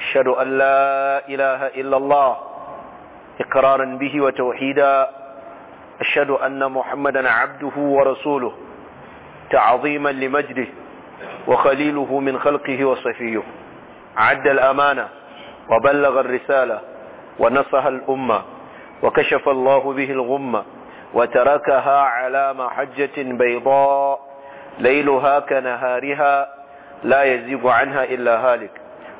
أشهد أن لا إله إلا الله إقرارا به وتوحيدا أشهد أن محمدا عبده ورسوله تعظيما لمجده وخليله من خلقه وصفيه عد الأمانة وبلغ الرسالة ونصها الأمة وكشف الله به الغمة وتركها على محجة بيضاء ليلها كنهارها لا يزيغ عنها إلا هالك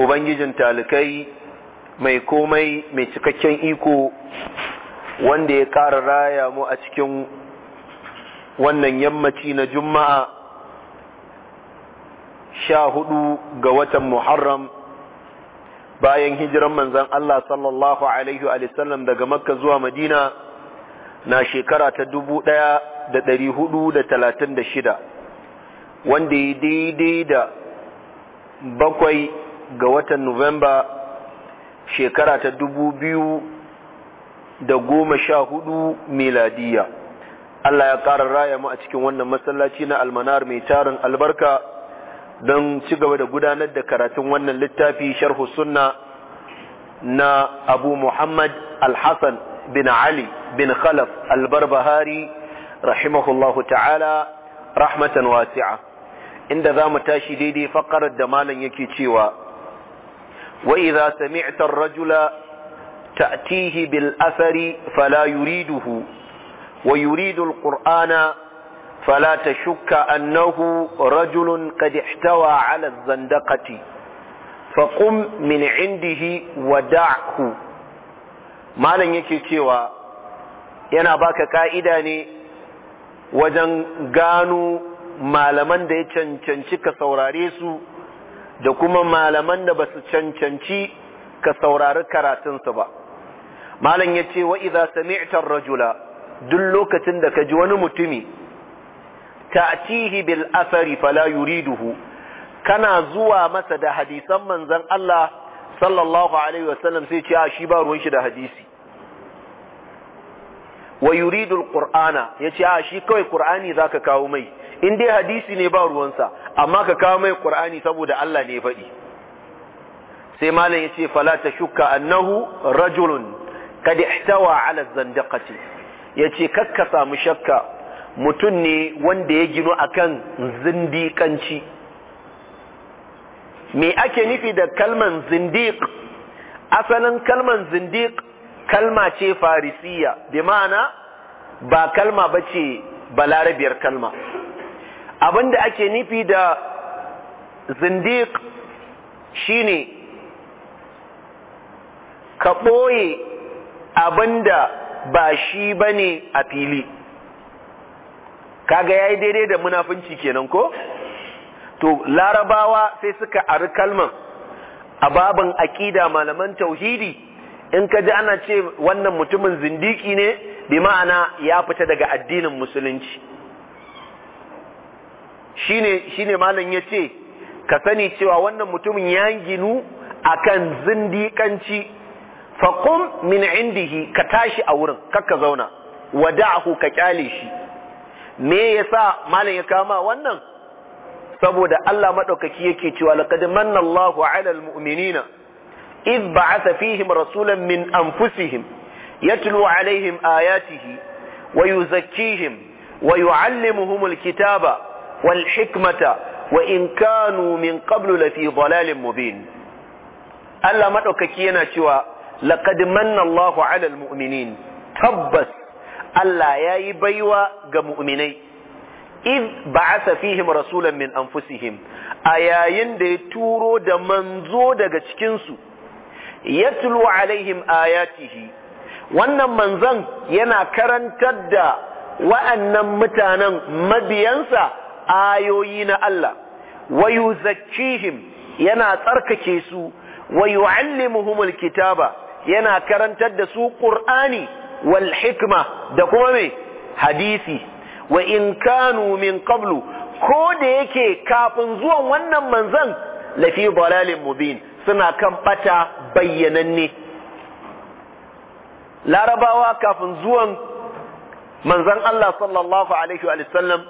ubangijin talikai mai komai mai cikakken iko wanda ya ƙara raya mu a cikin wannan yammaci na juma'a sha hudu ga watan muharram bayan hijiran manzan Allah sallallahu Alaihi wasallam daga makka zuwa madina na shekara ta dubu ɗaya da ɗari hudu da talatin da shida wanda ya daidai da bakwai ga watan Nuwamba shekara ta dubu biyu da goma sha hudu miladiya. Allah ya ƙara raya mu a cikin wannan masallaci na almanar mai tarin albarka don ci gaba da gudanar da karatun wannan littafi sharhu sunna na Abu Muhammad Al-Hassan bin Ali bin Khalaf Al-Barbahari rahimahullahu ta'ala rahmatan wasi'a inda za mu tashi daidai fakarar da malam yake cewa وإذا سمعت الرجل تأتيه بالأثر فلا يريده ويريد القرآن فلا تشك أنه رجل قد احتوى على الزندقة فقم من عنده ودعه ما لن يكي yana baka ka'ida ne wajen ما لمن da ya cancanci ka saurare da kuma malaman da ba su cancanci ka saurari karatunsu ba malam ya ce wa iza sami'tar rajula duk lokacin da ka ji wani mutumi ta'tihi bil asari fala yuriduhu kana zuwa masa da hadisan manzon Allah sallallahu alaihi wasallam sai ce a shi ba ruwan shi da hadisi wa ƙur'ana ya yace a shi kawai za ka kawo mai in dai hadisi ne ba ruwansa amma ka kawo mai qur'ani saboda Allah ne ya faɗi sai malam yace fala ta shukka annahu rajulun kad ihtawa ala zandaqati yace kakka samu shakka mutun ne wanda ya gino akan zindiƙanci me ake nufi da kalman zindiq asalin kalman zindiq kalma ce farisiya bi ma'ana ba kalma bace balarabiyar kalma abinda ake nufi da zindiq shine ka ɓoye abinda ba shi bane a fili kaga yayi daidai da munafunci kenan ko to larabawa sai suka ari kalman a babin aƙida malaman tauhidi in ka ji ana ce wannan mutumin zindiki ne bi ma'ana ya fita daga addinin musulunci shine shine malam yace ka sani cewa wannan mutumin ya ginu kan zindikanci faqum min indihi ka tashi a wurin kakka zauna wada'ahu ka kyale shi me yasa malam ya kama wannan saboda Allah maɗaukaci yake cewa laqad manna Allahu 'alal mu'minina iz ba'atha fihim rasulan min anfusihim yatlu alaihim ayatihi wa yuzakkihim wa yu'allimuhumul kitaba wal hikmata wa in kanu min qablu lafi dhalalin mubin Allah maɗaukaki yana cewa laqad manna Allahu muminin tabbas Allah yayi baiwa ga mu'minai id ba'atha fihim rasulan min anfusihim A yayin da ya turo da manzo daga cikin su tulu alaihim ayatihi wannan manzon yana karantar da wa'annan mutanen mabiyansa ayoyi na Allah wayu zakihim yana tsarkake su wa yu'allimuhumul kitaba yana karantar da su ƙur'ani wal hikma da kuma mai hadisi wa in kanu min qablu ko da yake kafin zuwan wannan manzan lafi dalalin mubin suna kan bata bayyananne larabawa kafin zuwan manzon Allah sallallahu alaihi wa sallam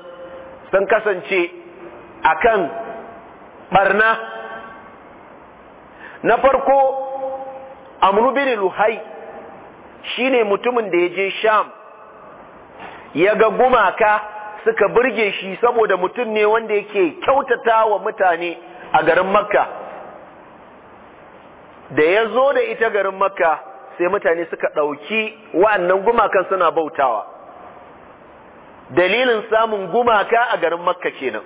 sun kasance a kan barna na farko amru Luhai shi ne mutumin da ya je sham ya ga gumaka suka burge shi saboda mutum ne wanda yake kyautata wa mutane a garin makka da ya zo da ita garin makka sai mutane suka ɗauki wa'annan gumakan suna bautawa dalilin samun gumaka a garin makka kenan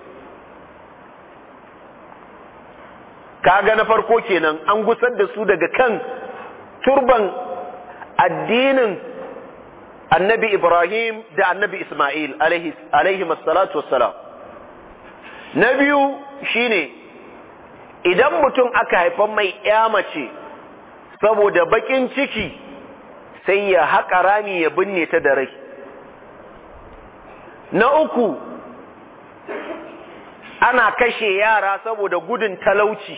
kaga na farko kenan an gusar da su daga kan turban addinin annabi ibrahim da annabi isma'il alaihi masalatu wassalam na biyu shine idan mutum aka haifan mai mace saboda bakin ciki sai ya haƙa rami ya binne ta da rai na uku ana kashe yara saboda gudun talauci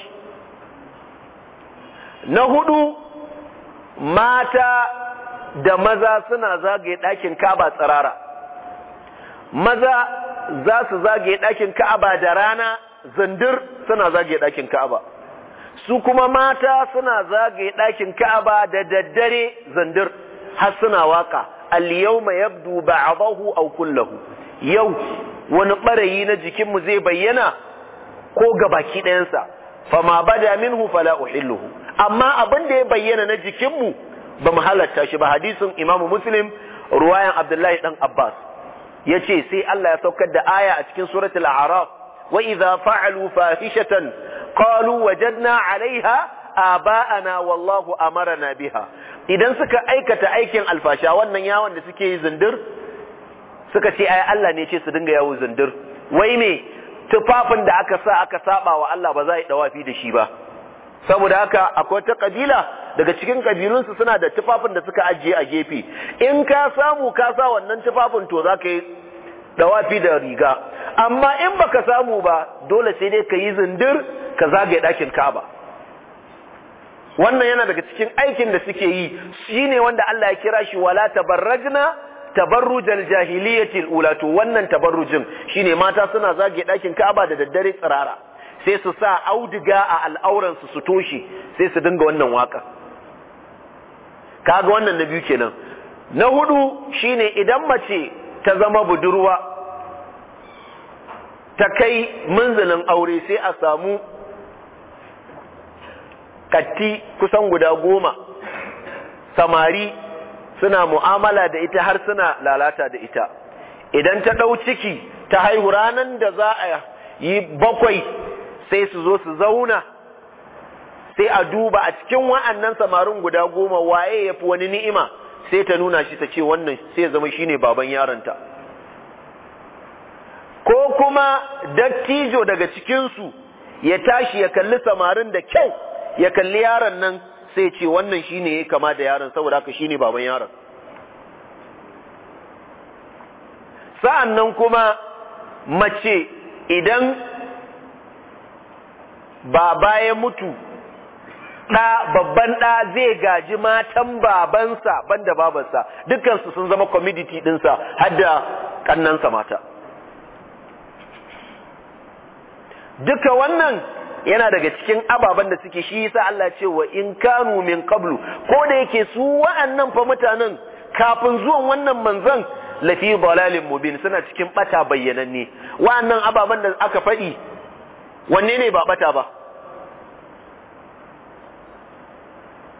na hudu mata da maza suna zagaye ɗakin kaba tsirara maza za su zagaye ɗakin ka'aba da rana zandir suna zagaye ɗakin ka'aba su kuma mata suna zagaye ɗakin ka'aba da daddare zandir har suna waka al yawma yabdu ba'dahu aw kullahu yau wani barayi na jikinmu zai bayyana ko ga baki ɗayansa fama bada minhu fala uhilluhu amma abin da ya bayyana na jikinmu ba mu halatta shi ba hadisin imamu muslim ruwayan abdullahi dan abbas ya ce sai allah ya saukar da aya a cikin suratul araf wa idza fa'alu fahishatan qalu wajadna 'alayha aba'ana wallahu mara biha idan suka aikata aikin alfasha wannan yawon da suke yi zindir suka ce ai Allah ne ce su dinga yawo zindir wai me tufafin da aka sa aka saba wa Allah ba za a yi dawafi da shi ba saboda haka akwai ta kabila daga cikin kabilunsu suna da tufafin da suka ajiye a gefe in ka samu ka sa wannan tufafin to za ka yi dawafi da riga amma in baka samu ba dole sai dai ka yi zindir ka zagaye ɗakin kaba wannan yana daga cikin aikin da suke yi shine wanda Allah ya kira shi wala tabarrajna tabarrujal jahiliyatil ula to wannan tabarrujin shine mata suna zage dakin Ka'aba da daddare tsirara sai su sa auduga a al'auran su su toshe sai su dinga wannan waka kaga wannan na biyu kenan na hudu shine idan mace ta zama budurwa ta kai munzalin aure sai a samu katti kusan guda goma samari suna mu'amala da ita har suna lalata da ita idan ta ɗau ciki ta haihu ranar da za a yi bakwai sai su zo su zauna sai a duba a cikin wa'annan samarin guda goma waye ya fi wani ni'ima sai ta nuna shi ta ce wannan sai ya zama shine baban yaronta ko kuma dattijo daga cikinsu ya tashi ya kalli samarin da kyau ya kalli yaron nan sai ce wannan shine ne kama da yaron saboda haka shine baban yaron sa'annan kuma mace idan baba ya mutu ɗa babban ɗa zai gaji matan babansa banda babansa dukansu sun zama community ɗinsa har da ƙannansa mata duka wannan yana daga cikin ababan da suke shi yasa Allah ce wa in kanu min qablu ko da yake su wa'annan fa mutanen kafin zuwan wannan manzon lafi dalalin mubin suna cikin bata bayyananne wa'annan ababan da aka faɗi wanne ne ba bata ba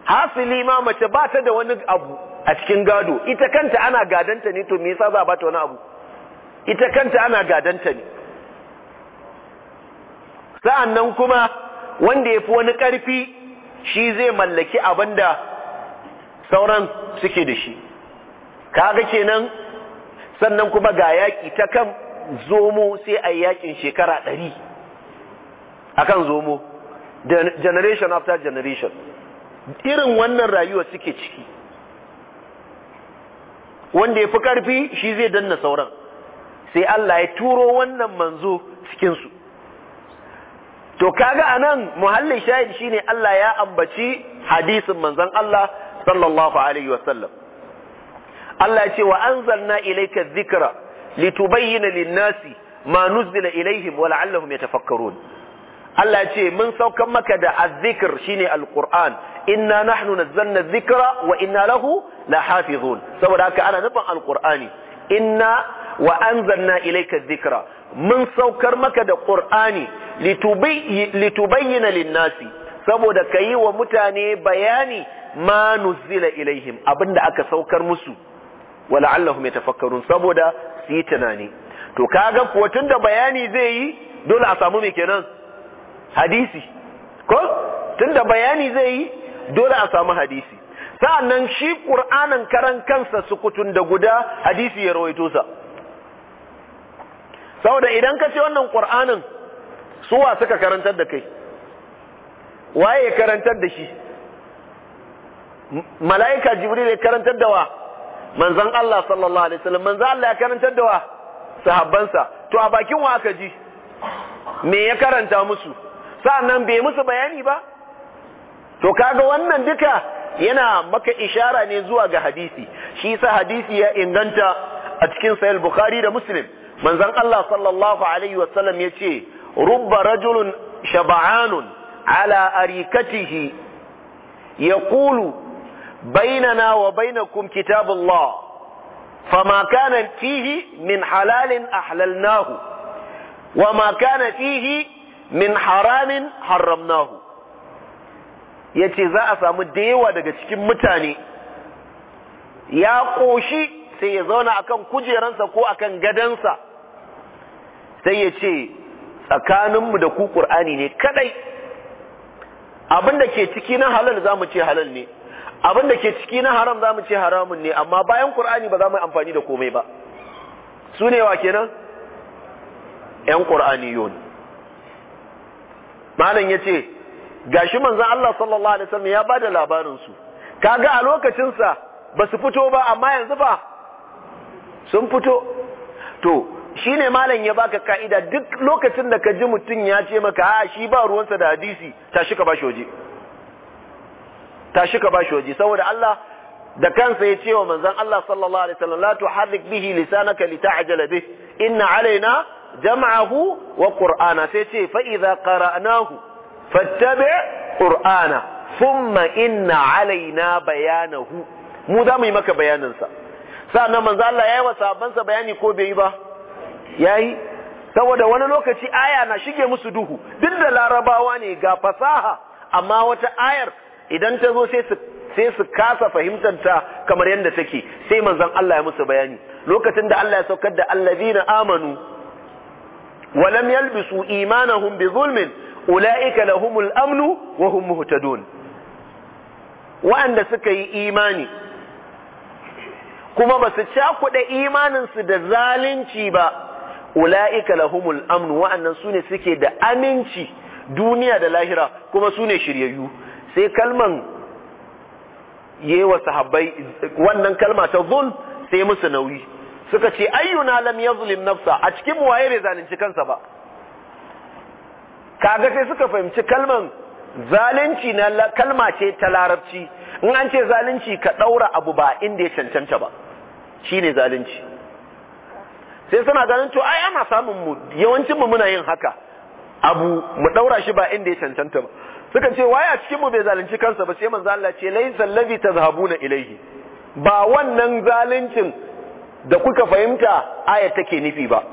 hasili ma mace ba ta da wani abu a cikin gado ita kanta ana gadanta ne to me yasa za ba ta wani abu ita kanta ana gadanta ne sa'an nan kuma wanda ya fi wani ƙarfi shi zai mallaki abin da sauran suke da shi kaga kenan sannan kuma ga yaƙi ta kan zomo sai a yaƙin shekara ɗari akan zomo generation after generation irin wannan rayuwa suke ciki wanda ya fi ƙarfi shi zai danna sauran sai Allah ya turo wannan manzo cikinsu to kaga anan muhallin shahid shine Allah ya ambaci hadisin manzon Allah sallallahu alaihi wasallam Allah ya ce wa anzalna ilayka dhikra litubayyana lin-nasi ma nuzila ilayhim wa la'allahum yatafakkarun Allah ya ce mun sauka maka da azzikr shine alquran inna nahnu nazzalna dhikra wa inna lahu lahafizun saboda haka ana nufin alqurani inna wa anzalna ilayka dhikra mun saukar maka da qur'ani litubayyana lin-nasi saboda yi wa mutane bayani ma nuzila ilaihim abinda aka saukar musu wala'allahum yatafakkarun saboda su yi tunani to kaga kuwa tunda bayani zai yi dole a samu me kenan hadisi ko tunda bayani zai yi dole a samu hadisi sa'annan shi qur'anin karan kansa sukutun da guda hadisi ya rawaito sa saboda idan ka ce wannan ƙwar'anin suwa suka karantar da kai waye ya karantar da shi mala'ika jibril ya karantar da wa manzan Allah sallallahu alaihi wasallam manzan Allah ya karantar da wa sahabbansa to a bakin wa aka ji me ya karanta musu sa'annan bai musu bayani ba to kaga wannan duka yana maka ishara ne zuwa ga hadisi shi sa hadisi ya inganta a cikin sahih bukhari da muslim manzan Allah sallallahu alaihi wasallam yace rubba rajulun shaba'anun ala arikatihi yaqulu bainana wa bainakum kitabullah fama kana fihi min halalin ahlalnahu wama kana fihi min haramin haramnahu yace za a samu dayawa daga cikin mutane ya koshi sai ya zauna akan kujeransa ko akan gadansa sai ya ce tsakaninmu da ku ƙur'ani ne kadai abinda ke ciki na halal za mu ce halal ne abinda ke ciki na haram za mu ce haramun ne amma bayan ƙur'ani ba za mu amfani da komai ba su ne wa kenan ‘yan ƙur'ani yon malam ya ce gashi manzan Allah sallallahu Alaihi wasallam ya ba da labarinsu kaga a lokacinsa ba su fito ba amma yanzu ba sun fito to Shi ne malam ya baka ka'ida duk lokacin da ka ji mutum ya ce maka a shi ba ruwansa da hadisi tashi ka bashi waje tashi ka bashi waje saboda Allah da kansa ya ce wa manzon Allah sallallahu alaihi wasallam la tuharrik bihi lisanaka lita'jala bih inna alaina jam'ahu wa qur'ana sai ce fa idza qara'nahu fattabi' qur'ana thumma inna alaina bayanahu mu za mu yi maka bayanansa. sa sannan manzo Allah yayi wa sahabbansa bayani ko bai yi ba yayi saboda wani lokaci aya na shige musu duhu duk da larabawa ne ga fasaha amma wata ayar idan ta zo sai su sai su kasa fahimtanta kamar yadda take sai manzon Allah ya musu bayani lokacin da Allah ya saukar da allazina amanu wa lam yalbisu imanahum bi zulmin ulaika lahumul amnu wa hum muhtadun wa'anda suka yi imani kuma ba su imanin imaninsu da zalunci ba ula'ika lahumul amn wa'annan sune suke da aminci duniya da lahira kuma sune shiryayyu sai kalman wa sahabbai wannan kalma ta zul sai musu nauyi suka ce ayyuna lam yazlim nafsa a cikin waye bai zalunci kansa ba kaga sai suka fahimci kalman zalunci na kalma ce ta larabci in an ce zalunci ka daura abu ba inda ya cancanta ba shine zalunci sai suna ganin to ai ana samun mu yawancin mu muna yin haka abu mu daura shi ba inda ya cancanta ba suka ce waye a cikin mu bai zalunci kansa ba sai manzo Allah ce laysa allazi tazhabuna ilayhi ba wannan zaluncin da kuka fahimta aya take nufi ba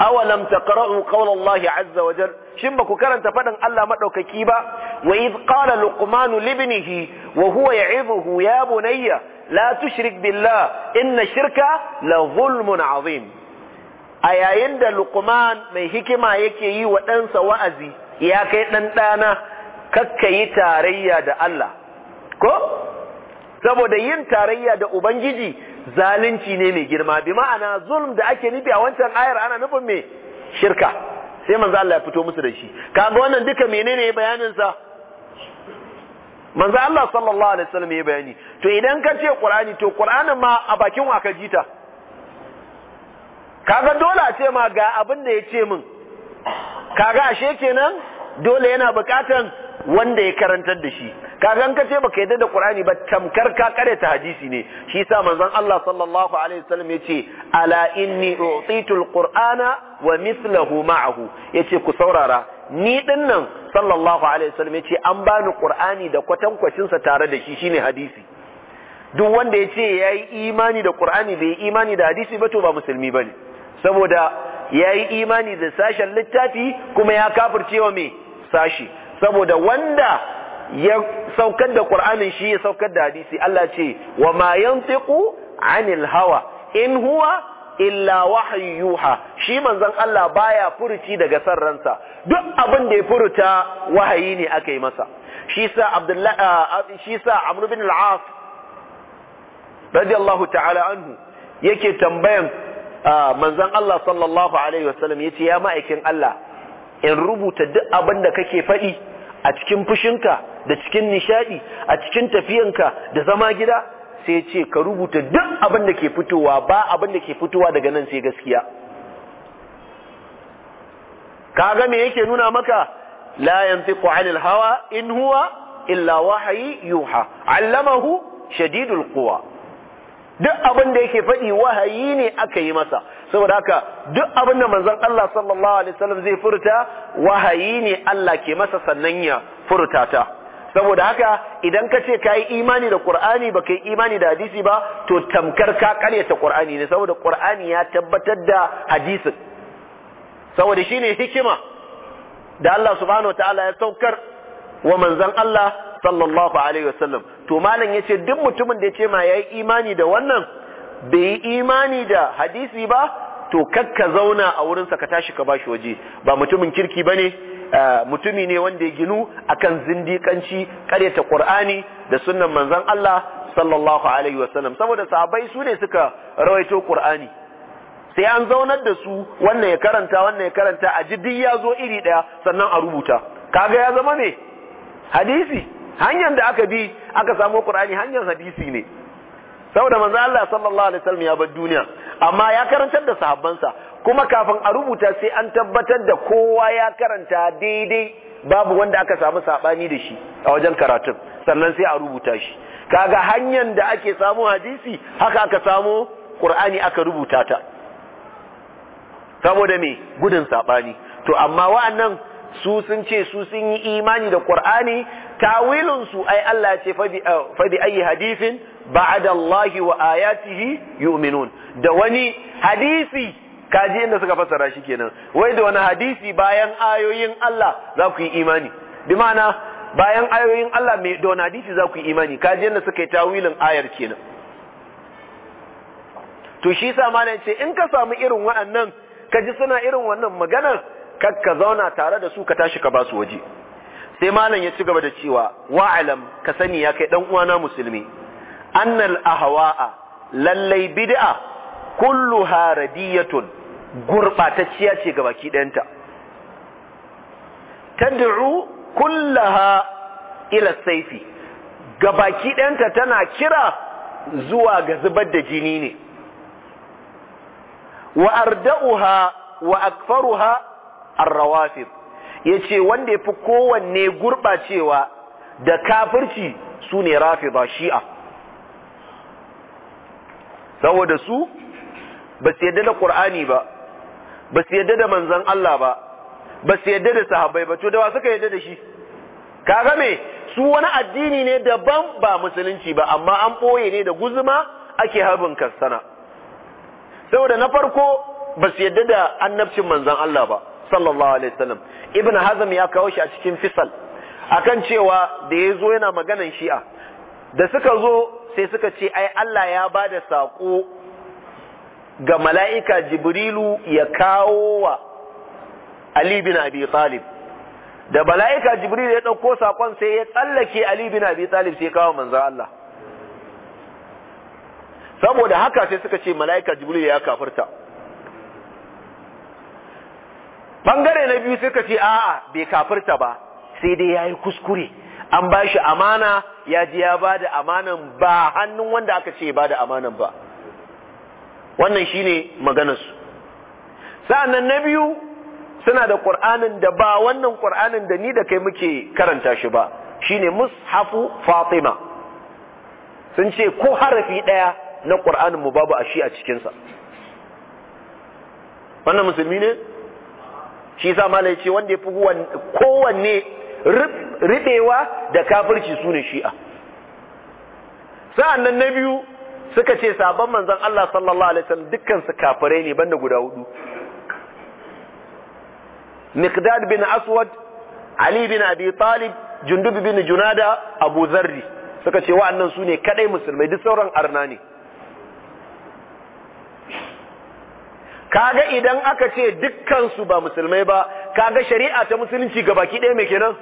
awalam taqra'u qawla Allah azza wa jal shin ba ku karanta fadan Allah madaukaki ba wa id qala luqman li ibnihi wa huwa ya'idhuhu ya bunayya la tushrik billah inna shirka la zulmun azim a yayin da luqman mai hikima yake yi wa ɗansa wa'azi ya kai ɗan ɗana kakka yi tarayya da Allah ko saboda yin tarayya da ubangiji zalunci ne mai girma bi ma'ana zulm da ake nufi a wancan ayar ana nufin me shirka sai manzo Allah ya fito musu da shi kaga wannan duka menene bayanin sa manzo Allah sallallahu alaihi wasallam ya bayani to idan ka ce Qur'ani to Qur'anin ma a bakin wa ka jita kaga dole a ce ma ga abin da ya ce min kaga ashe kenan dole yana bukatan wanda ya karantar da shi kaga an kace baka yadda da Qur'ani ba tamkar ka kare ta hadisi ne shi yasa manzon Allah sallallahu alaihi wasallam yace ala inni utitu alqur'ana wa mithluhu ma'ahu yace ku saurara ni dinnan sallallahu alaihi wasallam yace an bani Qur'ani da kwatankwacinsa sa tare da shi shine hadisi duk wanda yace yayi imani da Qur'ani bai imani da hadisi ba to ba musulmi bane saboda ya yi imani da sashen littafi kuma ya kafircewa mai sashi saboda wanda ya saukar da ƙur'anin shi ya saukar da hadisi Allah ce wa ma yantiqu anil hawa in huwa illa wahayyuha shi manzon Allah baya furuci daga sarransa. ransa duk abin da ya furuta wahayi ne aka yi masa shi sa abdullahi ah, shi sa amr bin al-as radiyallahu ta'ala anhu yake tambayan Ah, manzan Allah sallallahu alaihi wasallam yace ya ma'aikin Allah in rubuta duk abin da kake faɗi a cikin fushinka da cikin nishaɗi, a cikin tafiyanka da zama gida sai ce ka rubuta duk abin da ke fitowa ba abin da ke fitowa daga nan sai gaskiya kaga me yake nuna maka la yantiqu 'anil hawa in huwa illa wahayi yuha 'allamahu shadidul quwa duk abin da yake faɗi wahayi ne aka yi masa saboda haka duk abin da manzon Allah sallallahu alaihi wasallam zai furta wahayi ne Allah ke masa sannan ya furta ta saboda haka idan ka ce kayi imani da Qur'ani baka yi imani da hadisi ba to tamkar ka karyata Qur'ani ne saboda Qur'ani ya tabbatar da hadisin saboda shine hikima da Allah subhanahu wataala ya saukar wa manzon Allah sallallahu alaihi wasallam to malam yace duk mutumin da yace ma yayi imani da wannan bai yi imani da hadisi ba to kakka zauna a wurin sa ka tashi ka bashi waje ba mutumin kirki bane eh, mutumi ne wanda ya ginu akan zindikanci karyata qur'ani da sunnan manzon Allah sallallahu alaihi wasallam saboda sahabbai su ne suka rawaito qur'ani sai an zaunar da su wannan ya karanta wannan ya karanta a ji duk ya zo iri daya sannan a rubuta kaga ya zama me hadisi hanyar da aka bi aka samu qur'ani hanyar hadisi ne saboda manzo Allah sallallahu alaihi wasallam ya bar duniya amma ya karantar da sahabbansa kuma kafin a rubuta sai an tabbatar da kowa ya karanta daidai babu wanda aka samu sabani da shi a wajen karatun sannan sai a rubuta shi kaga hanyar da ake samu hadisi haka aka samu qur'ani aka rubuta ta saboda me gudun sabani to amma wa'annan su sun ce su sun yi imani da qur'ani tawilin su ai Allah ce fa bi uh, ayi hadithin ba'da Allah wa ayatihi yu'minun da wani hadisi kaji inda suka fassara shi kenan wai da wani hadisi bayan ayoyin Allah za ku yi imani bi ma'ana bayan ayoyin Allah mai da wani hadisi za ku yi imani kaji inda suka yi tawilin ayar kenan to shi sa malam ce in ka samu irin waɗannan ka ji suna irin wannan maganar kakka zauna tare da su ka tashi ka ba su waje sai malam ya ci gaba da cewa wa'alam ka sani ya kai dan uwana musulmi annal ahwa'a lallai bid'a kulluha radiyatun gurbatacciya ce ga baki Ta tad'u kullaha ila saifi ga baki tana kira zuwa ga zubar da jini ne wa arda'uha wa akfaruha ar-rawafid ya ce wanda ya fi kowanne gurɓacewa da kafirci su ne ba shi'a saboda su ba su yadda da ƙur'ani ba ba su yadda da manzan Allah ba ba su yadda da sahabbai ba to da wasu ka yadda da shi Ka game su wani addini ne daban ba musulunci ba amma an ɓoye ne da guzuma ake harbin kassana saboda na farko ba su yadda da annabcin manzan Allah ba sallallahu alaihi wasallam ibn hazm ya kawo shi a cikin fisal akan cewa da ya zo yana maganan shi'a da suka zo sai suka ce ai Allah ya ba da saƙo ga mala'ika jibrilu ya kawo wa Ali bin Abi Talib da mala'ika jibrilu ya ɗauko saƙon sai ya tsallake Ali bin Abi Talib sai kawo manzan Allah saboda haka sai suka ce mala'ika jibrilu ya kafirta bangare na biyu suka ce a'a bai kafirta ba sai dai yayi kuskure an ba shi amana ya ji ya ba da amanan ba hannun wanda aka ce ba da amanan ba wannan shi ne maganarsu sa'annan na biyu suna da ƙur'anin da ba wannan ƙur'anin da ni da kai muke karanta shi ba shine mushafu fatima sun ce ko harafi ɗaya na ƙur'anin mu babu a shi a cikinsa wannan musulmi ne shi sa malai ce wanda ya fi kowanne ribewa da kafirci su ne shi'a sa'an nan na biyu suka ce sabon manzan Allah sallallahu alaihi wasallam dukkan su kafirai ne banda guda hudu Miqdad bin Aswad Ali bin Abi Talib jundubi bin Junada Abu Zarri suka ce wa'annan su ne kaɗai musulmai duk sauran arna ne kaga idan aka ce dukkan ba musulmai ba kaga shari'a ta musulunci ga baki ɗaya mai kenan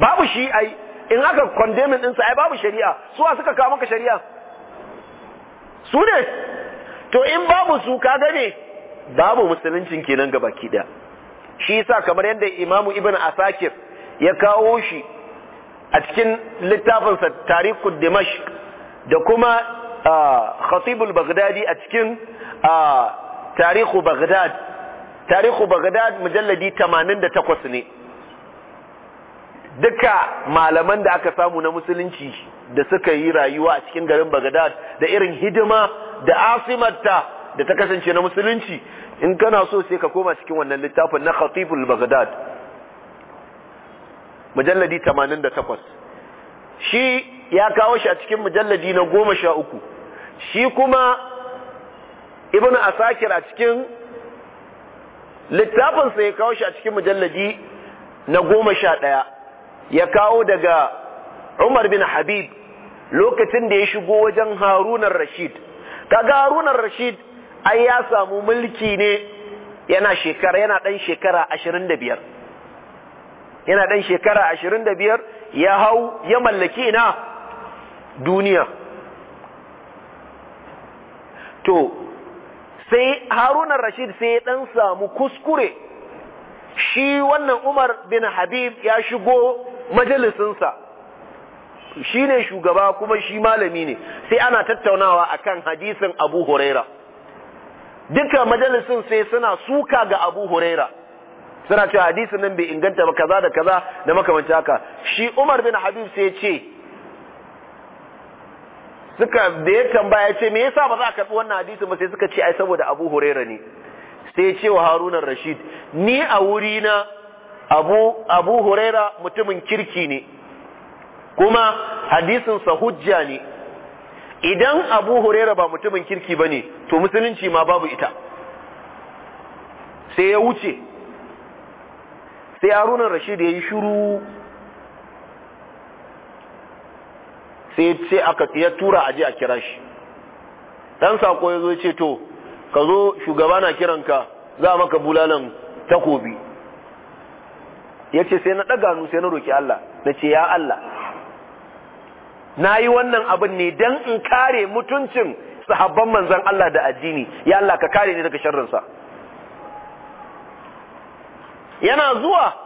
babu shi ai in aka condemn ɗinsa ai babu shari'a suwa suka kawo maka shari'a su ne to in babu su kaga ne babu musuluncin kenan ga baki ɗaya shi yasa kamar yadda imamu ibn asakir ya kawo shi a cikin littafinsa tariqud dimashq da kuma ah, khatibul baghdadi a cikin a tarihu bagdad tarihu baghdad mujalladi 88 ne duka malaman da aka samu na musulunci da suka yi rayuwa a cikin garin bagdad da irin hidima da asimarta da ta kasance na musulunci in kana so sai ka koma cikin wannan littafin na khatibul bagdad mujalladi 88 shi ya kawo shi a cikin mujalladi na uku, shi kuma Ibn asakir a cikin littafinsa ya kawo shi a cikin mujalladi na goma sha ɗaya ya kawo daga umar bin habib lokacin da ya shigo wajen harunan rashid kaga harunan rashid ai ya samu mulki ne yana shekara yana ɗan shekara ashirin da biyar yana ɗan shekara ashirin da biyar ya hau ya mallaki na duniya to sai harunan rashid sai ya dan samu kuskure shi wannan umar bin habib ya shigo majalisinsa shi ne shugaba kuma shi malami ne sai ana tattaunawa akan hadisin abu huraira duka majalisin sai suna suka ga abu huraira suna cewa hadisin nan bai inganta ba kaza da kaza da makamanci haka shi umar bin habib sai ce suka da ya tambaya ce me yasa ba za a karbi wannan hadisi ba sai suka ce ai saboda Abu Huraira ne sai ce wa Harun rashid ni a wuri na Abu Abu Huraira mutumin kirki ne kuma hadisin sa hujja ne idan Abu Huraira ba mutumin kirki bane to musulunci ma babu ita sai ya wuce sai Harun rashid ya yi shiru sai aka ya tura aje a kira shi dan sako ya zo ce to ka zo shugaba na kiranka za a maka bulalan takobi ya ce sai na ɗaga nu sai na roki Allah na ce ya Allah na yi wannan abin ne don in kare mutuncin sahabban manzan Allah da addini ya Allah ka kare ni daga sharrinsa yana zuwa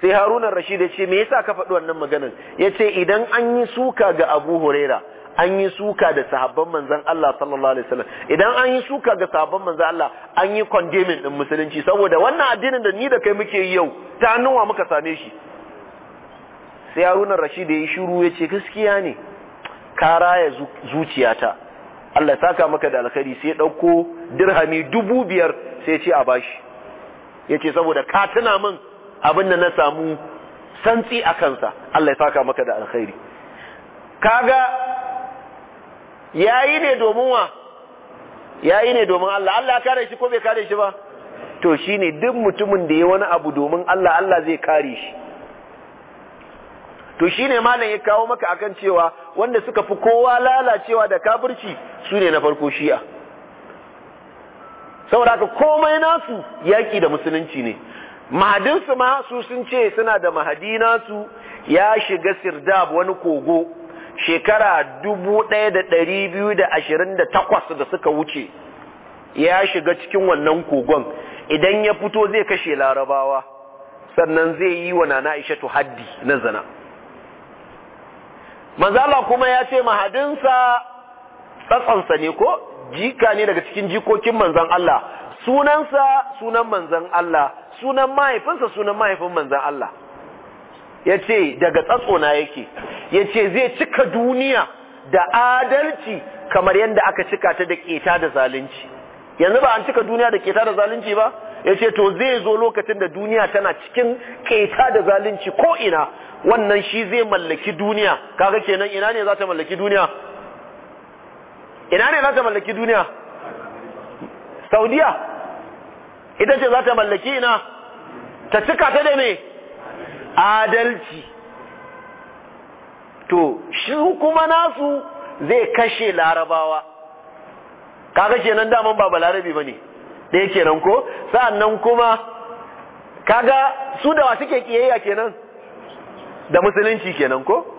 sai harunan rashid ya ce me yasa ka faɗi wannan magana? ya ce idan an yi suka ga abu huraira an yi suka da sahabban manzan Allah sallallahu alaihi wasallam idan an yi suka ga sahabban manzan Allah an yi condemning din musulunci saboda wannan addinin da ni da kai muke yi yau ta nuna muka same shi sai harunan rashid ya yi shiru ya ce gaskiya ne ka raya zuciyata Allah ya saka maka da alkhairi sai ɗauko dirhami dubu biyar sai ce a bashi yace saboda ka tuna min abin da na samu santsi a kansa Allah ya saka maka da alkhairi kaga yayi ne domin wa yayi ne domin Allah Allah ya kare shi ko bai kare shi ba to shine duk mutumin da ya wani abu domin Allah Allah zai kare shi to shine malam ya kawo maka akan cewa wanda suka fi kowa lalacewa da kafirci shine na farko shi'a saboda haka komai nasu yaki da musulunci ne mahadinsu ma su sun ce suna da mahadina su ya shiga sirdab wani kogo shekara 1228 da suka wuce ya shiga cikin wannan kogon idan ya fito zai kashe larabawa sannan zai yi wa nana tu haddi na zana manzala kuma ya ce mahadinsa tsatsansa ne ko jika ne daga cikin jikokin manzan Allah sunansa sunan manzan Allah sunan mahaifinsa sunan mahaifin manzan Allah ya ce daga tsatsona yake ya ce zai cika duniya da adalci kamar yadda aka cika ta da keta da zalunci yanzu ba an cika duniya da keta da zalunci ba ya ce to zai zo lokacin da duniya tana cikin keta da zalunci ko ina wannan shi zai mallaki duniya kaga kenan ina ne za ta mallaki duniya ina ne za ta mallaki duniya saudiya ita ce za ta mallaki ina ta cika ta da me adalci to shi kuma nasu zai kashe larabawa kaga kenan daman ba balarabi bane da yake nan ko sa'annan kuma kaga su da wa suke kiyayya kenan da musulunci kenan ko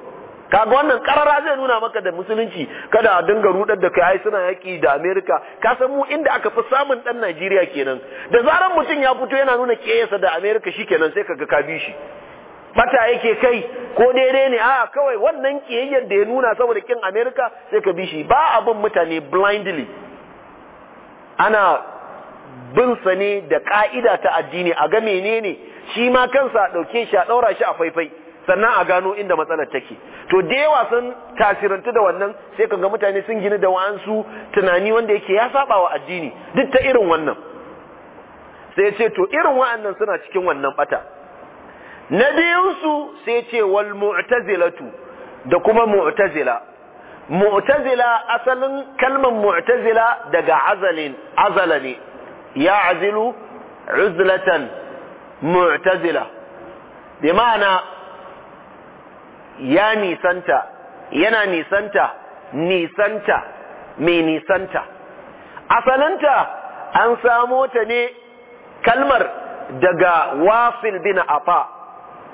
kaga wannan karara zai nuna maka da musulunci kada a dinga rudar da kai ai suna yaki da America ka san mu inda aka fi samun dan Najeriya kenan da zaran mutum ya fito yana nuna kiyayarsa da America shikenan sai kaga ka bi shi bata yake kai ko daidai ne a kawai wannan kiyayyar da ya nuna saboda kin America sai ka bi shi ba bin mutane blindly ana bin sa ne da ka'ida ta addini a ga menene shi ma kansa dauke shi a daura shi a faifai sannan a gano inda matsalar take to da yawa sun tasirantu da wannan sai kaga mutane sun gini da wa'ansu tunani wanda yake ya saba wa addini duk ta irin wannan sai ce to irin wa'annan suna cikin wannan bata na biyunsu sai ce wal mu'tazilatu da kuma mu'tazila mu'tazila asalin kalmar mu'tazila daga azalin azala ne ya azilu uzlatan mu'tazila bi ma'ana ya nisanta yana nisanta nisanta mai nisanta asalinta an samo ta ne kalmar daga wafil bin afa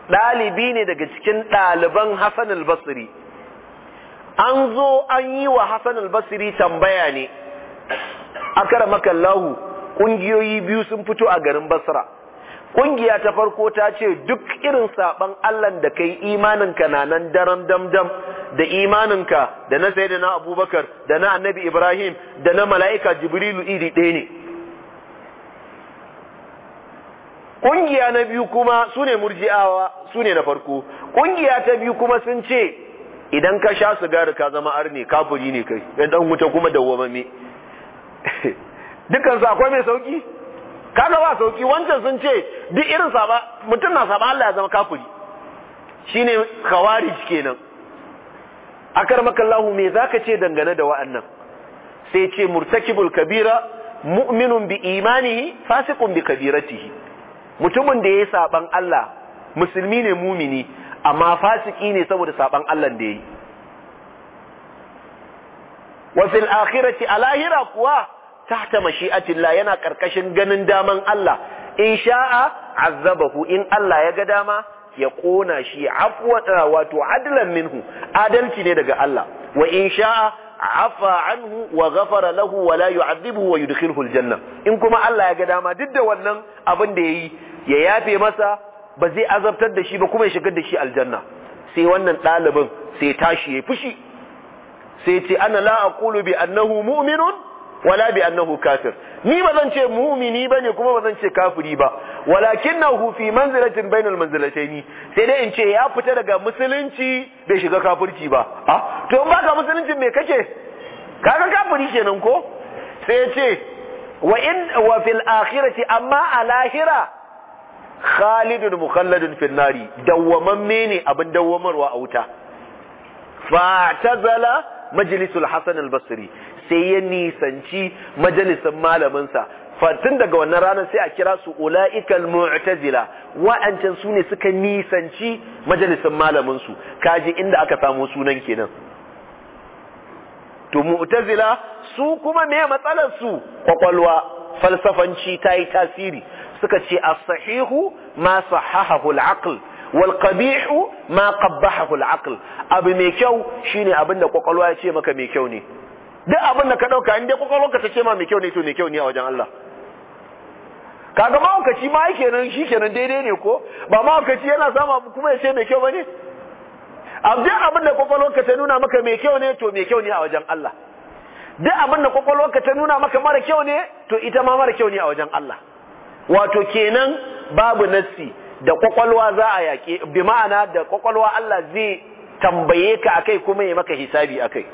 ɗalibi ne daga cikin ɗaliban hassan albasiri an zo an yi wa hassan albasiri tambaya ne a kara makallahu ƙungiyoyi biyu sun fito a garin basra kungiya ta farko ta ce duk irin saban Allah da kai imaninka na nan daram damdam da imaninka da na na Abubakar da na Annabi Ibrahim da na mala'ika Jibrilu iri ɗaya ne kungiya na biyu kuma su ne murji'awa su ne na farko kungiya ta biyu kuma sun ce idan ka sha sigari ka zama arni kafuri ne kai ɗan wuta kuma dawwamame dukan su akwai mai sauki kaga ba sauki wancan sun ce duk irin saba mutum na saba Allah ya zama kafiri shine khawarij kenan akar makallahu me zaka ce dangane da wa'annan sai ce murtakibul kabira mu'minun bi imanihi fasiqun bi kabiratihi mutumin da yayi saban Allah musulmi ne mumini amma fasiki ne saboda saban Allah da yayi wa fil akhirati alahira kuwa tahta mashi'atillah yana karkashin ganin daman Allah in sha'a azzabahu in Allah ya ga dama ya kona shi afwa ah, wato adlan minhu adalci ne daga Allah wa in sha'a afa anhu wa ghafara lahu wa la yu'adhibuhu wa yudkhiluhu aljanna in kuma Allah ya ga dama duk da wannan abin da yayi ya yafe masa ba zai azabtar da shi ba kuma ya shigar da shi aljanna sai wannan ɗalibin sai tashi ya fushi sai ce ana la aqulu bi annahu mu'minun wala bi annahu kafir ni ba zan ce mu'mini bane kuma ba zan ce kafiri ba walakinahu fi manzilatin bainal manzilataini sai dai in ce ya fita daga musulunci bai shiga kafirci ba ah to in baka musulunci me kake kaga kafiri kenan ko sai ya ce wa in wa fil akhirati amma a lahira khalidun mukhalladun fil nari ne abin dawwamarwa a wuta fa tazala majlisul hasan al-basri sai ya nisanci majalisar malaminsa fatin daga wannan ranar sai a kira su ula'ikal mu'tazila wa'ancan su ne suka nisanci majalisar malaminsu kaji inda aka samu sunan kenan to mu'tazila su kuma me matsalar su kwakwalwa falsafanci ta yi tasiri suka ce as-sahihu ma sahahahu al-aql wal qabihu ma qabbahahu al-aql abu mai kyau shine abinda kwakwalwa ya ce maka mai kyau ne duk abin da ka dauka in dai kwakwalwarka ta ce ma mai kyau ne to mai kyau ne a wajen Allah kaga mahaukaci ma kenan shi kenan daidai ne ko ba mahaukaci yana sama kuma ya ce mai kyau bane abin abin da kwakwalwarka ta nuna maka mai kyau ne to mai kyau ne a wajen Allah duk abin da kwakwalwarka ta nuna maka mara kyau ne to ita ma mara kyau ne a wajen Allah wato kenan babu nassi da kwakwalwa za a yaƙe bi ma'ana da kwakwalwa Allah zai tambaye ka akai kuma ya maka hisabi akai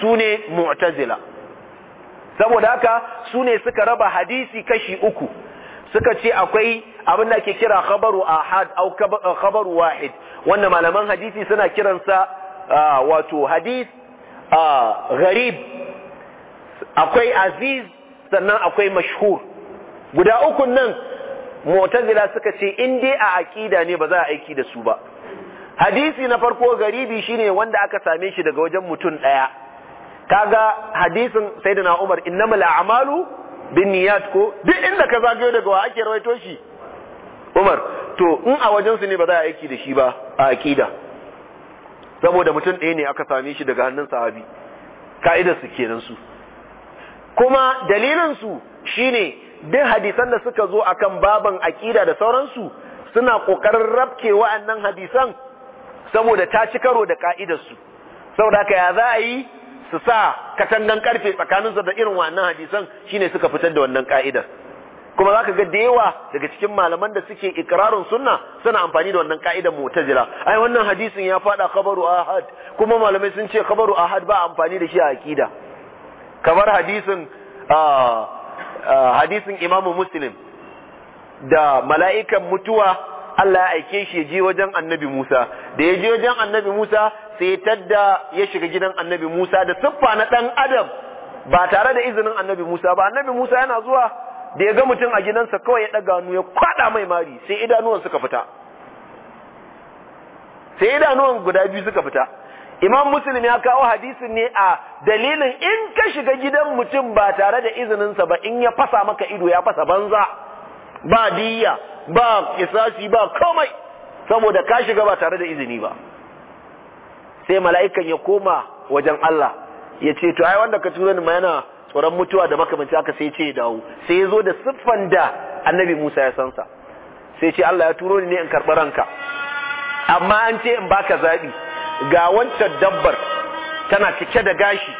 su ne mu'tazila saboda haka su ne suka raba hadisi kashi uku suka ce akwai abin da ke kira khabaru ahad au eh, khabaru wahid wanda malaman hadisi suna kiransa ah, wato hadis ah, gharib akwai aziz sannan akwai mashhur guda ukun nan mu'tazila suka ce in dai a aqida ne ba za a aiki da su ba hadisi na farko garibi shine wanda aka same shi daga wajen mutum daya kaga hadisin sayyidina Umar innamal a'malu binniyat ko duk inda ka zagayo daga wa ake rawaito shi Umar to in a wajen su ne ba za a aiki da shi ba a akida saboda mutum ɗaya ne aka same shi daga hannun sahabi ka'idar su kenan su kuma dalilin su shine duk hadisan da suka zo akan baban akida da sauransu suna kokarin rabke wa'annan hadisan saboda ta ci karo da ka'idar su saboda haka ya za a yi su sa katangan karfe tsakaninsa da irin wannan hadisan shine suka fitar da wannan ka'idar kuma za ka ga da yawa daga cikin malaman da suke ikirarin sunna suna amfani da wannan ka'idar mu'tazila ai wannan hadisin ya fada khabaru ahad kuma malamai sun ce khabaru ahad ba amfani da shi a akida kamar hadisin hadisin imamu muslim da mala'ikan mutuwa Allah ya aike shi je wajen annabi Musa da ya je wajen annabi Musa sai tadda ya shiga gidan annabi Musa da siffa na dan adam ba tare da izinin annabi Musa ba annabi Musa yana zuwa da ya ga mutum a gidansa kawai ya daga hannu ya kwada mai mari sai idanuwan suka fita sai idanuwan guda biyu suka fita Imam Muslim ya kawo hadisin ne a dalilin in ka shiga gidan mutum ba tare da izininsa ba in ya fasa maka ido ya fasa banza ba diya ba kisasi ba komai saboda ka shiga ba tare da izini ba sai mala'ikan ya koma wajen Allah ya ce to ai wanda ka turo ni ma yana tsoron mutuwa da makamanci aka sai ce dawo sai ya zo da siffan da annabi Musa ya san sai ce Allah ya turo ni ne in karɓi ranka amma an ce in baka zaɓi ga wancan dabbar tana cike da gashi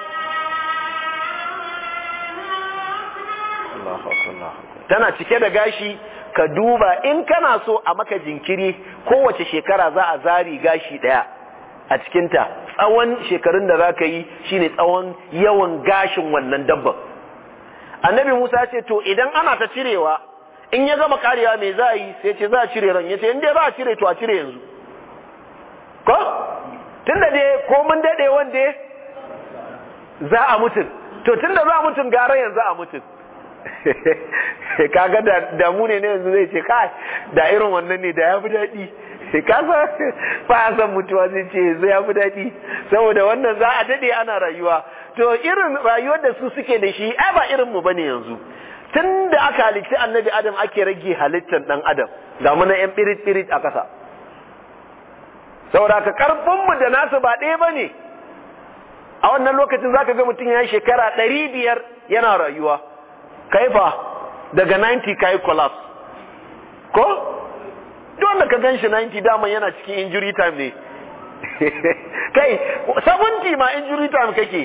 tana cike da gashi ka duba in kana so a maka jinkiri kowace shekara za a zari gashi ɗaya a cikinta tsawon shekarun da za ka yi shine tsawon yawan gashin wannan dabban annabi musa ce to idan ana ta cirewa in ya gama karewa mai za yi sai ce za a cire ran ya ce inda za a cire to a cire yanzu ko tun da dai ko mun daɗe wanda za a mutum to tun da za a mutum gara yanzu a mutum kaga da damu ne yanzu zai ce kai da irin wannan ne da ya fi daɗi kasa ba san mutuwa zai ce zai ya fi daɗi saboda wannan za a daɗe ana rayuwa to irin rayuwar da su suke da shi ai ba irin mu bane yanzu tunda aka halitta annabi adam ake rage halittar dan adam ga muna yan pirit pirit a ƙasa saboda ka karfin mu da nasu ba ɗaya bane a wannan lokacin zaka ga mutum ya shekara ɗari biyar yana rayuwa kai fa daga 90 kai collapse ko don da ka gan shi 90 daman yana cikin injury time ne kai 70 ma injury time kake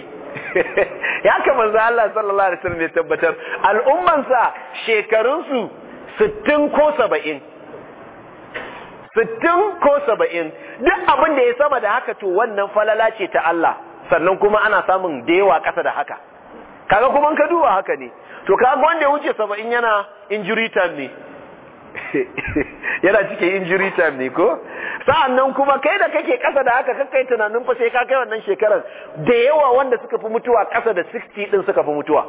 ya kama za Allah sallallahu alaihi wasallam ya tabbatar al'ummansa shekarunsu 60 ko 70 60 ko 70 duk abin da ya sama da haka to wannan falala ce ta Allah sannan kuma ana samun da yawa ƙasa da haka kaga kuma ka duba haka ne to kaga wanda ya wuce 70 yana injury time ne yana cikin injury time ne ko sa'annan kuma kai da kake kasa da haka kakai tunanin fa sai ka kai wannan shekarar da yawa wanda suka fi mutuwa kasa da 60 din suka fi mutuwa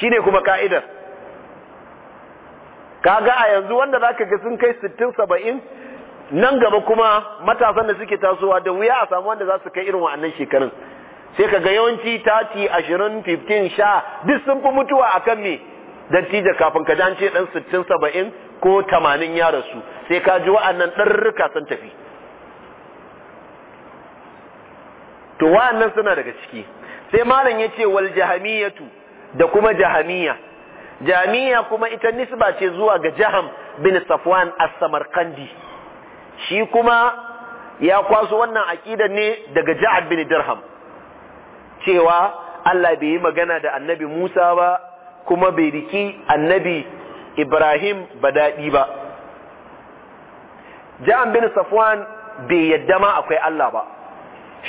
shine kuma ka'idar kaga a yanzu wanda zaka ga sun kai 60 70 nan gaba kuma matasan da suke tasowa da wuya a samu wanda za su kai irin wa'annan shekarun sai ka ga yawanci 30 20 15 sha duk sun fi mutuwa akan me dattijo kafin ka dace ce dan 60 70 ko 80 ya rasu sai ka ji wa'annan ɗarruka sun tafi to wa'annan suna daga ciki sai malam ya ce wal jahamiyatu da kuma jahamiya jahamiya kuma ita nisba ce zuwa ga jaham bin safwan as-samarkandi shi kuma ya kwaso wannan aqidar ne daga ja'ad bin dirham cewa Allah bai yi magana da annabi Musa ba kuma bai riki annabi Ibrahim ba daɗi ba. Ja'an bin Safwan bai yadda ma akwai Allah ba,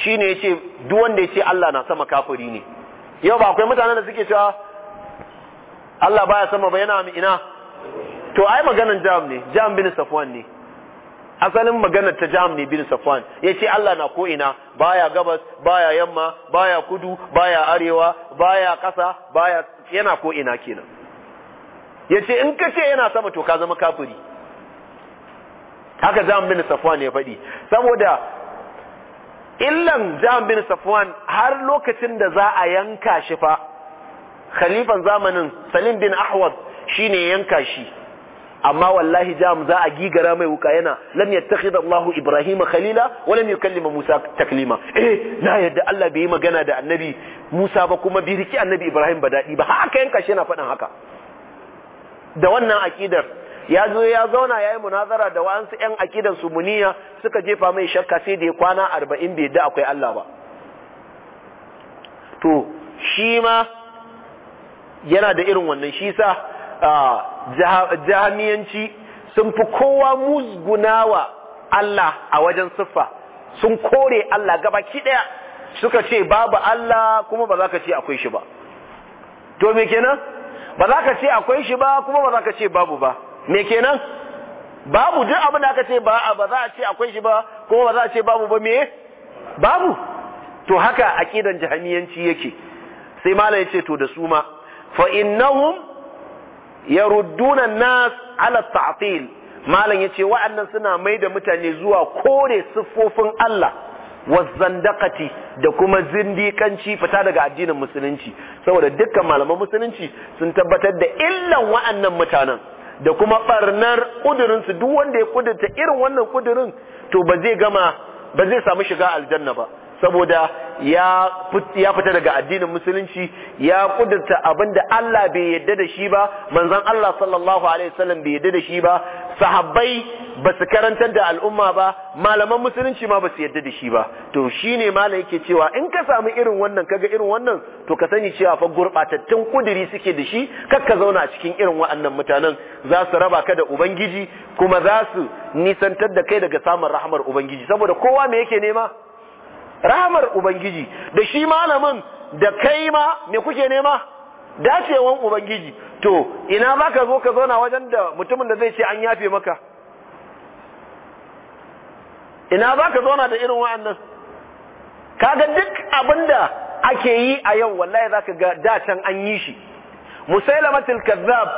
shi ne ya ce, duk wanda ya ce Allah na sama kafiri ne. Yau ba akwai mutanen da suke cewa Allah baya sama ba yana ina. To, ai maganan jam ne, Ja'an bin Safwan ne. asalin magana ta jam ne bin safwan ya ce Allah na ko'ina baya gabas baya yamma baya kudu baya arewa baya kasa baya yana ko'ina kenan ya ce in ka ce yana sama to ka zama kafuri haka jam bin safwan ya faɗi saboda illan jam bin safwan har lokacin da za a yanka shi fa khalifan zamanin salim bin ahwad shine yanka shi amma wallahi jam za a gigara mai wuka yana lam yattakhidha Allahu Ibrahim khalila wa lam yukallima Musa taklima eh na yadda Allah bai yi magana da annabi Musa ba kuma bi riki annabi Ibrahim ba dadi ba haka yanka shi yana faɗan haka da wannan akidar ya zo ya zauna yayi munazara da wa'ansu 'yan akidar su muniya suka jefa mai shakka sai da ya kwana arba'in bai da akwai Allah ba to shi ma yana da irin wannan shi sa jahamiyanci sun fi kowa musgunawa Allah a wajen siffa sun kore Allah ki daya suka ce babu Allah kuma ba za ka ce akwai shi ba to me kenan ba za ka ce akwai shi ba kuma ba za ka ce babu ba me kenan babu duk abin da aka ce ba ba za a ce akwai shi ba kuma ba za a ce babu ba me babu to haka aqidan jahamiyanci yake sai malai ya ce to da su ma fa innahum yarudduna nas ala ta'til malan yace wa'annan suna mai da mutane zuwa kore siffofin Allah wa zandaqati da kuma zindikanci fita daga addinin musulunci saboda dukkan malaman musulunci sun tabbatar da illan wa'annan mutanen da kuma barnar kudurin su duk wanda ya kudurta irin wannan kudurin to ba zai gama ba zai samu shiga aljanna ba saboda ya ya fita daga addinin musulunci ya kudurta abinda Allah bai yadda da shi ba manzon Allah sallallahu alaihi wasallam bai yadda da shi ba sahabbai ba su karantar da al'umma ba malaman musulunci ma ba su yadda da shi ba to shi ne malam yake cewa in ka samu irin wannan kaga irin wannan to ka sani cewa fa gurɓatattun kuduri suke da shi kar ka zauna a cikin irin waɗannan mutanen za su raba ka da ubangiji kuma za su nisantar da kai daga samun rahmar ubangiji saboda kowa me yake nema Rahmar ubangiji da shi malamin da kai ma me kuke nema dacewan ubangiji to ina ka zo ka zauna wajen da mutumin da zai ce an yafe maka ina zaka zauna da irin wa'annan kaga duk abinda ake yi a yau wallahi za ka ga dacan an yi shi musailamatul kazzab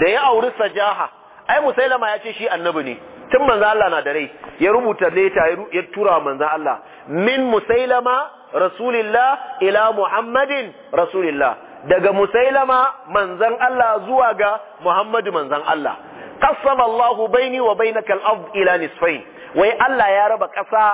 da ya auri sajaha ai musailama ya ce shi annabi ne tun manzan Allah na da rai ya rubuta leta ya tura wa manzan Allah min musailama rasulillah ila muhammadin rasulillah daga musailama manzan Allah zuwa ga muhammadu manzan Allah qassama Allah baini wa bainaka ard ila nisfain wai Allah ya raba kasa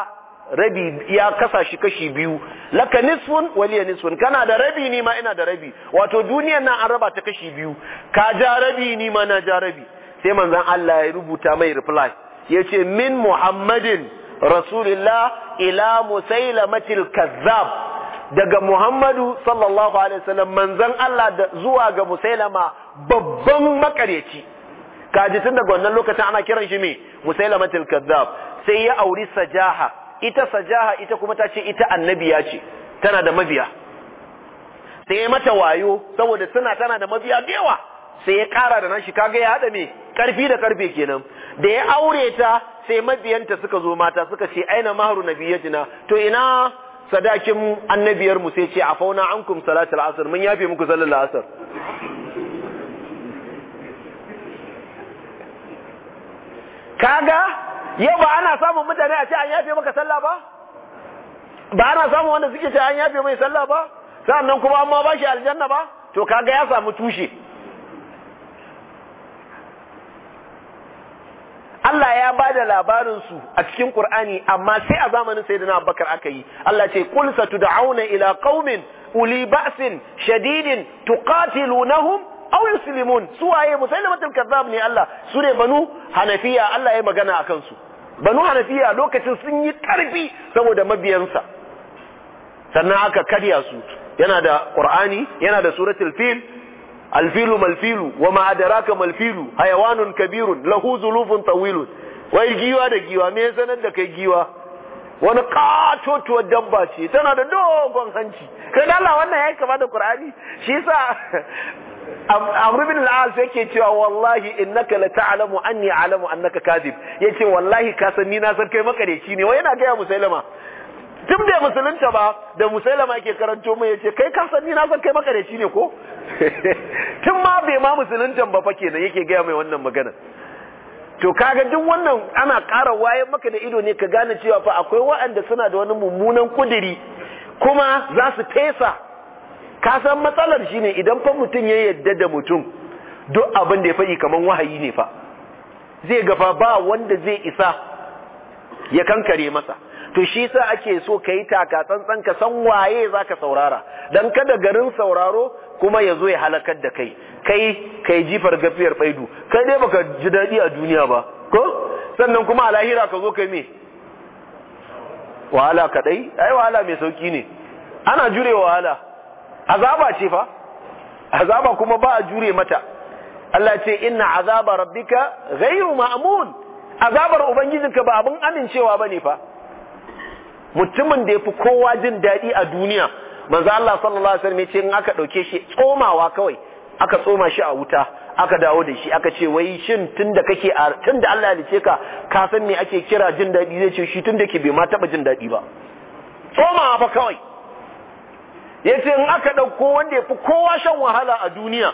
rabi ya kasa shi kashi biyu laka nisfun waliya nisfun kana da rabi ni ma ina da rabi wato duniyar nan an raba ta kashi biyu ka ja rabi ni ma na ja rabi sai manzan Allah ya rubuta mai reply yace min muhammadin rasulillah ila musailamatil kazzab daga muhammadu sallallahu alaihi wasallam manzan Allah da zuwa ga musailama babban makareci kaji tun daga wannan lokacin ana kiran shi me musailamatil kazzab sai ya auri sajaha ita sajaha ita kuma ta ce ita annabiya ce tana da mabiya sai mata wayo saboda tana tana da mabiya da yawa sai ya kara da nashi kaga ya hada me karfi da karfe kenan da ya aure ta sai mabiyanta suka zo mata suka ce aina mahru nabiyyatina to ina sadakin annabiyar mu sai ce afauna ankum salatul asr mun yafe muku sallar asr kaga yau ba ana samun mutane a ce an yafe maka sallah ba ba ana samun wanda suke ce an yafe mai sallah ba sannan kuma amma ba shi aljanna ba to kaga ya samu tushe ya bada labarin su a cikin Kur'ani, amma sai a zamanin na Abubakar aka yi Allah ce da auna ila ƙaumin, uli ba'sin shadidin tuqatilunahum au yuslimun suwaye musailamatul kazzab ne Allah su ne banu hanafiya Allah ya magana a kansu. banu hanafiya lokacin sun yi karfi saboda mabiyansa sannan aka karya su yana da ƙur'ani yana da suratul fil alfilu malfilu wa ma'adaraka adraka malfilu hayawanun kabirun lahu zulufun tawilun wai giwa da giwa me ya sanar da kai giwa wani katotuwar dabba ce tana da dogon hanci kai dala wannan yi kama da qur'ani shi yasa amr bin al-as yake cewa wallahi innaka la ta'lamu anni a'lamu annaka kadhib yace wallahi ka san ni na san kai makareci ne wai yana ga ya musailama tun da musulunta ba da musailama yake karanto mu yace kai ka san ni na san kai makareci ne ko tun ma bai ma musuluntan ba fa kenan yake ga mai wannan magana to kaga duk wannan ana ƙara wayar maka da ido ne ka gane cewa fa akwai waɗanda suna da wani mummunan kudiri kuma za su fesa ka san matsalar shi ne idan fa mutum ya yadda da mutum duk abin da ya faɗi kamar wahayi ne fa zai gafa ba wanda zai isa ya kankare masa to shi sa ake so ka yi taka tsantsan ka san waye za ka saurara don kada garin sauraro kuma ya zo ya halakar da kai kai kai jifar gafiyar baidu kai dai baka ji daɗi a duniya ba ko sannan kuma a lahira ka zo kai me wahala kadai ai wahala mai sauki ne ana jure wahala azaba ce fa azaba kuma ba a jure mata Allah ce inna azaba rabbika ghairu ma'mun azabar ubangijinka ba abin amincewa bane fa mutumin da yafi kowa jin dadi a duniya manzo Allah sallallahu alaihi wasallam ya ce in aka dauke shi tsomawa kawai aka tsoma shi a wuta aka dawo da shi aka ce wai shin tunda kake tunda Allah ya lice ka ka san me ake kira jin daɗi zai ce shi tunda ke bai ma taba jin daɗi ba tsoma fa kawai yace in aka dauko wanda yafi kowa shan wahala a duniya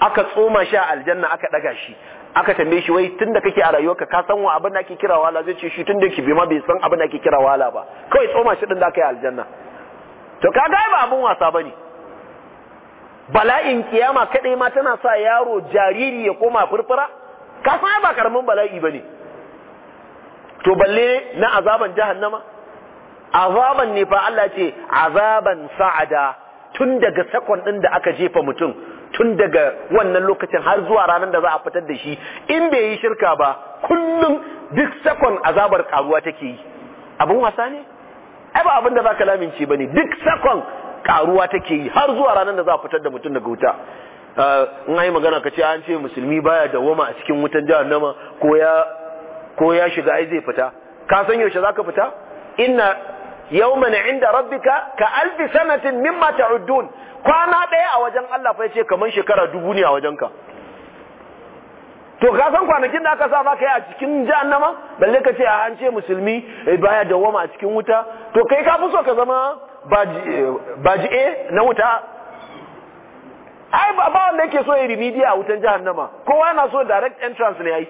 aka tsoma shi a aljanna aka daga shi aka tambaye shi wai tunda kake a rayuwarka ka san wa abin da ake kira wahala zai ce shi tunda ke bai ma bai san abin da ake kira wahala ba kawai tsoma shi din da aka yi aljanna to kaga ba abin wasa bane bala'in kiyama kaɗai ma tana sa yaro jariri ya koma furfura ka san ba karamin bala'i bane to balle na azaban jahannama azaban ne fa Allah ce azaban sa'ada tun daga sakon ɗin da aka jefa mutum tun daga wannan lokacin har zuwa ranar da za a fitar da shi in bai yi shirka ba kullum duk sakon azabar karuwa take yi abin wasa ne ai ba abin da zaka lamince bane duk sakon karuwa take yi har zuwa ranar da za a fitar da mutum daga wuta ah, in ai magana ka ce an ce musulmi baya da wama a cikin wutan jahannama ko ya ko ya shiga ai zai fita ka san yaushe zaka fita inna yawman inda rabbika ka alfi sanatin mimma ta'uddun kwana daya a wajen Allah fa yace kaman shekara dubu ne a wajen ka to ka san kwanakin da aka sa ba yi a cikin jahannama balle ka ce an ce musulmi eh, baya da dawama a cikin wuta to kai ka fi so ka zama baji'e eh na wuta ai ba wanda yake so ya rimidiya a wutan jahannama kowa yana so direct entrance ne ai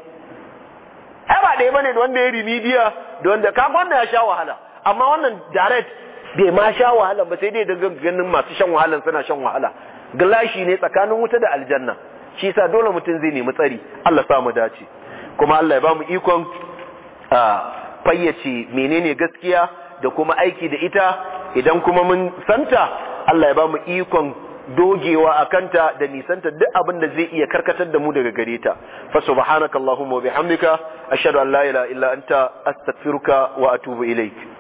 ai ba ɗaya bane da wanda ya remedial da wanda ka wanda ya sha wahala amma wannan direct bai ma sha wahala ba sai dai daga ganin masu shan wahalan suna shan wahala gilashi ne tsakanin wuta da aljanna shi yasa dole mutum zai nemi tsari Allah sa mu dace kuma Allah ya ba mu ikon fayyace menene gaskiya da kuma aiki da ita idan kuma mun santa Allah ya ba mu ikon dogewa a kanta da nisanta duk abin da zai iya karkatar da mu daga gare ta fa subhanakallahumma wa bihamdika ashhadu an la ilaha illa anta astaghfiruka wa atubu ilaik